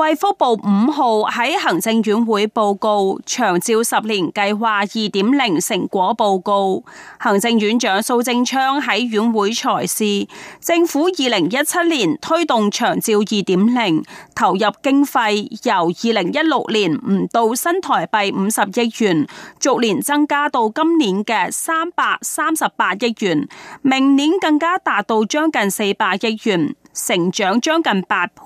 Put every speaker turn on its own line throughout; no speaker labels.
衛福部五號喺行政院會報告長照十年計劃二點零成果報告，行政院長蘇貞昌喺院會裁示，政府二零一七年推動長照二點零投入經費由二零一六年唔到新台幣五十億元，逐年增加到今年嘅三百三十八億元，明年更加達到將近四百億元。成長將近八倍，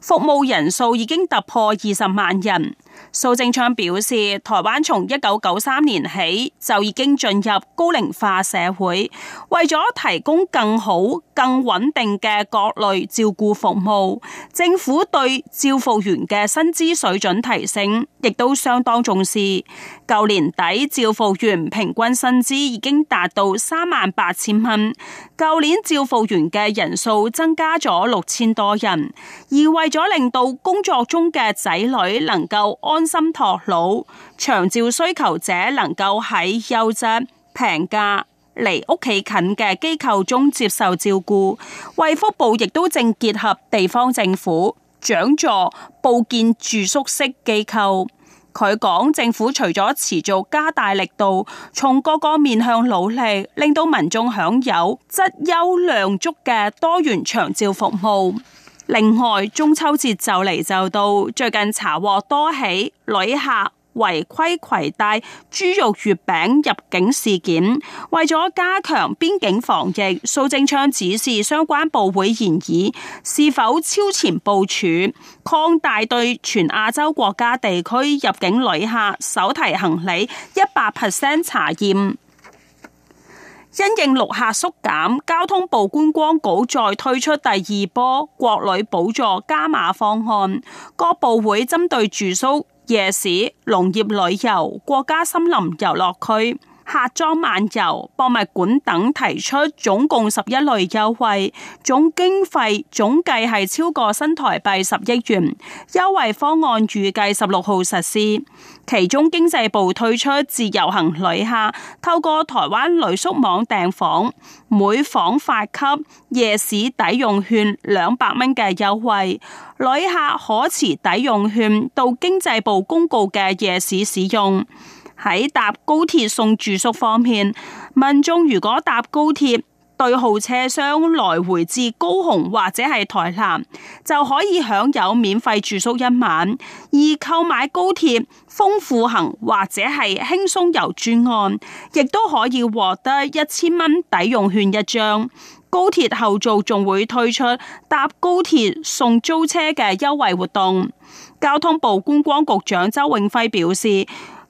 服務人數已經突破二十萬人。蘇貞昌表示，台灣從一九九三年起就已經進入高齡化社會，為咗提供更好、更穩定嘅各類照顧服務，政府對照服員嘅薪資水準提升亦都相當重視。舊年底照服員平均薪資已經達到三萬八千蚊，舊年照服員嘅人數增加咗六千多人，而為咗令到工作中嘅仔女能夠，安心托老，長照需求者能夠喺優質、平價、離屋企近嘅機構中接受照顧。衛福部亦都正結合地方政府，獎助、報建住宿式機構。佢講，政府除咗持續加大力度，從各個面向努力，令到民眾享有質優量足嘅多元長照服務。另外，中秋節就嚟就到，最近查獲多起旅客違規攜帶豬肉月餅入境事件。為咗加強邊境防疫，蘇貞昌指示相關部會研議是否超前部署，擴大對全亞洲國家地區入境旅客手提行李一百 percent 查驗。因應旅客縮減，交通部觀光局再推出第二波國旅補助加碼方案，各部會針對住宿、夜市、農業旅遊、國家森林遊樂區。客莊漫遊、博物館等提出總共十一類優惠，總經費總計係超過新台幣十億元。優惠方案預計十六號實施，其中經濟部推出自由行旅客透過台灣旅宿網訂房，每房發給夜市抵用券兩百蚊嘅優惠，旅客可持抵用券到經濟部公告嘅夜市使用。喺搭高鐵送住宿方面，民眾如果搭高鐵對號車廂來回至高雄或者係台南，就可以享有免費住宿一晚。而購買高鐵豐富行或者係輕鬆遊專案，亦都可以獲得一千蚊抵用券一張。高鐵後續仲會推出搭高鐵送租車嘅優惠活動。交通部觀光局長周永輝表示，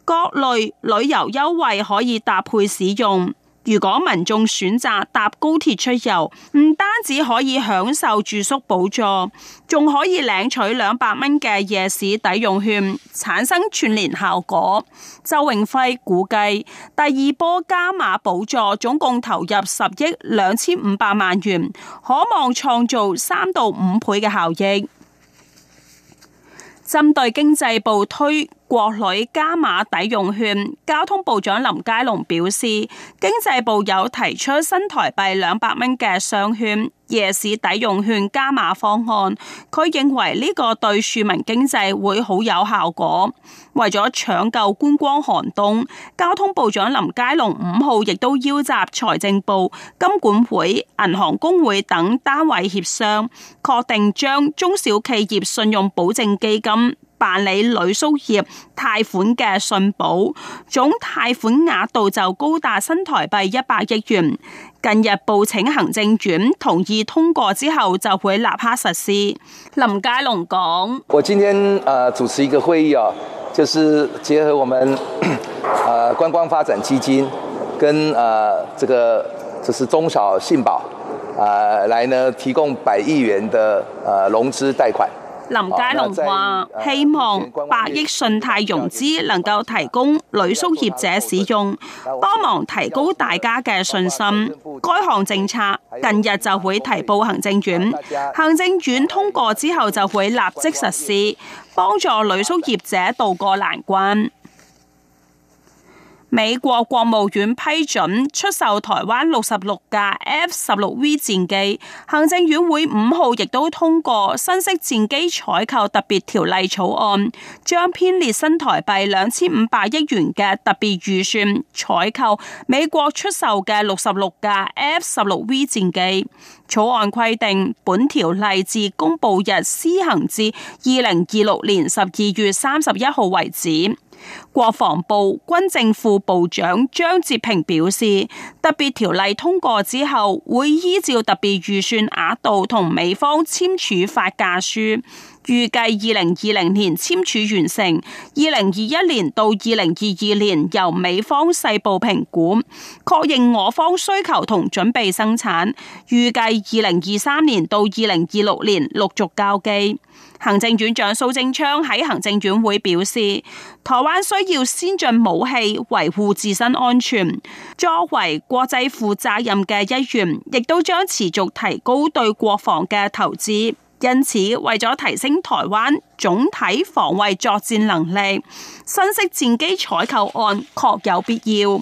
各類旅遊優惠可以搭配使用。如果民眾選擇搭高鐵出遊，唔單止可以享受住宿補助，仲可以領取兩百蚊嘅夜市抵用券，產生串聯效果。周永暉估計，第二波加碼補助總共投入十億兩千五百萬元，可望創造三到五倍嘅效益。針對經濟部推，國旅加碼抵用券，交通部長林佳龍表示，經濟部有提出新台幣兩百蚊嘅商圈、夜市抵用券加碼方案。佢認為呢個對庶民經濟會好有效果。為咗搶救觀光寒冬，交通部長林佳龍五號亦都邀集財政部、金管會、銀行公會等單位協商，確定將中小企業信用保證基金，辦理旅宿業貸款嘅信保，總貸款額度就高達新台幣一百億元。近日報請行政院同意通過之後，就會立刻實施。林佳龍講：我今天啊、呃、主持一個會議啊，就是結合我們啊、呃、觀光發展基金跟，跟、呃、啊這個就是中小信保啊、呃、來呢提供百億元的呃融資貸款。林佳龍話：希望百億信貸融資能夠提供旅宿業者使用，幫忙提高大家嘅信心。該項政策近日就會提報行政院，行政院通過之後就會立即實施，幫助旅宿業者渡過難關。美國國務院批准出售台灣六十六架 F 十六 V 戰機，行政院會五號亦都通過新式戰機採購特別條例草案，將編列新台幣兩千五百億元嘅特別預算，採購美國出售嘅六十六架 F 十六 V 戰機。草案規定，本條例自公布日施行至二零二六年十二月三十一號為止。國防部軍政副部長張哲平表示，特別條例通過之後，會依照特別預算額度同美方簽署發價書。預計二零二零年簽署完成，二零二一年到二零二二年由美方細部評估，確認我方需求同準備生產，預計二零二三年到二零二六年陸續交機。行政院長蘇貞昌喺行政院會表示，台灣需要先進武器維護自身安全，作為國際負責任嘅一員，亦都將持續提高對國防嘅投資。因此，為咗提升台灣總體防衛作戰能力，新式戰機採購案確有必要。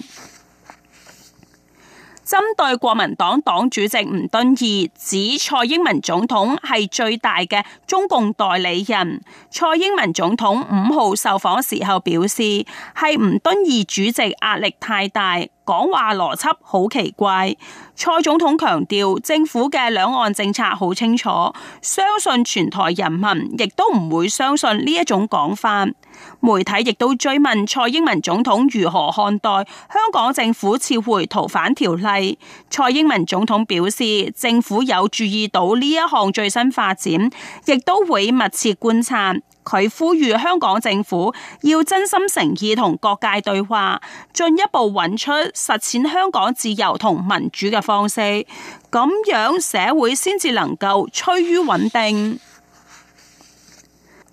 針對國民黨黨主席吳敦義指蔡英文總統係最大嘅中共代理人，蔡英文總統五號受訪時候表示，係吳敦義主席壓力太大，講話邏輯好奇怪。蔡總統強調，政府嘅兩岸政策好清楚，相信全台人民亦都唔會相信呢一種講法。媒體亦都追問蔡英文總統如何看待香港政府撤回逃犯條例。蔡英文總統表示，政府有注意到呢一項最新發展，亦都會密切觀察。佢呼籲香港政府要真心誠意同各界對話，進一步揾出實踐香港自由同民主嘅方式。咁樣社會先至能夠趨於穩定。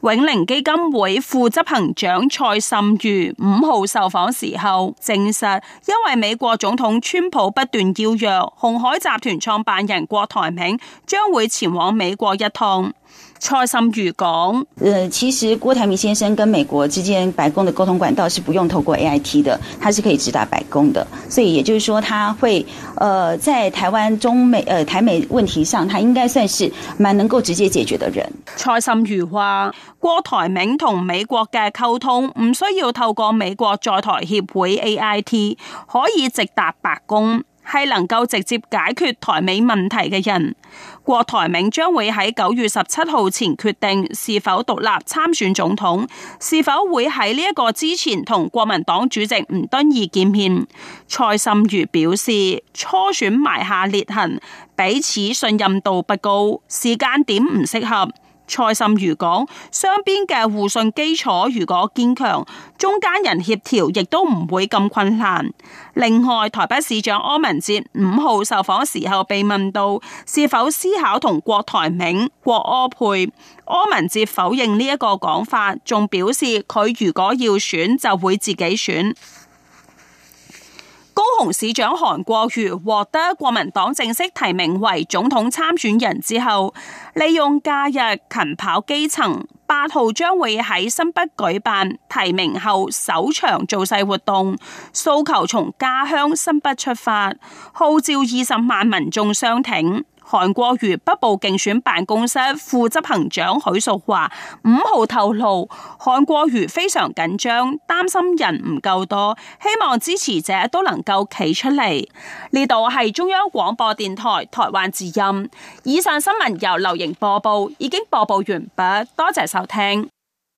永齡基金會副執行長蔡沁瑜五號受訪時候證實，因為美國總統川普不斷邀約，鴻海集團創辦人郭台銘將會前往美國一趟。蔡心如講：誒、呃，其實郭台銘先生跟美國之間白宮的溝通管道是不用透過 AIT 的，他是可以直達白宮的，所以也就是說，他會，誒、呃，在台灣中美，誒、呃、台美問題上，他應該算是蠻能夠直接解決的人。蔡心如話：郭台銘同美國嘅溝通唔需要透過美國在台協會 AIT，可以直達白宮。係能夠直接解決台美問題嘅人，郭台銘將會喺九月十七號前決定是否獨立參選總統，是否會喺呢一個之前同國民黨主席吳敦義見面。蔡心如表示初選埋下裂痕，彼此信任度不高，時間點唔適合。蔡沁如講，雙邊嘅互信基礎如果堅強，中間人協調亦都唔會咁困難。另外，台北市長柯文哲五號受訪時候被問到是否思考同郭台銘、郭柯配，柯文哲否認呢一個講法，仲表示佢如果要選就會自己選。高雄市長韓國瑜獲得國民黨正式提名為總統參選人之後，利用假日勤跑基層，八號將會喺新北舉辦提名後首場造勢活動，訴求從家鄉新北出發，號召二十萬民眾相挺。韓國瑜北部競選辦公室副執行長許淑華五號透露，韓國瑜非常緊張，擔心人唔夠多，希望支持者都能夠企出嚟。呢度係中央廣播電台台灣之音，以上新聞由劉瑩播報，已經播報完畢，多謝收聽。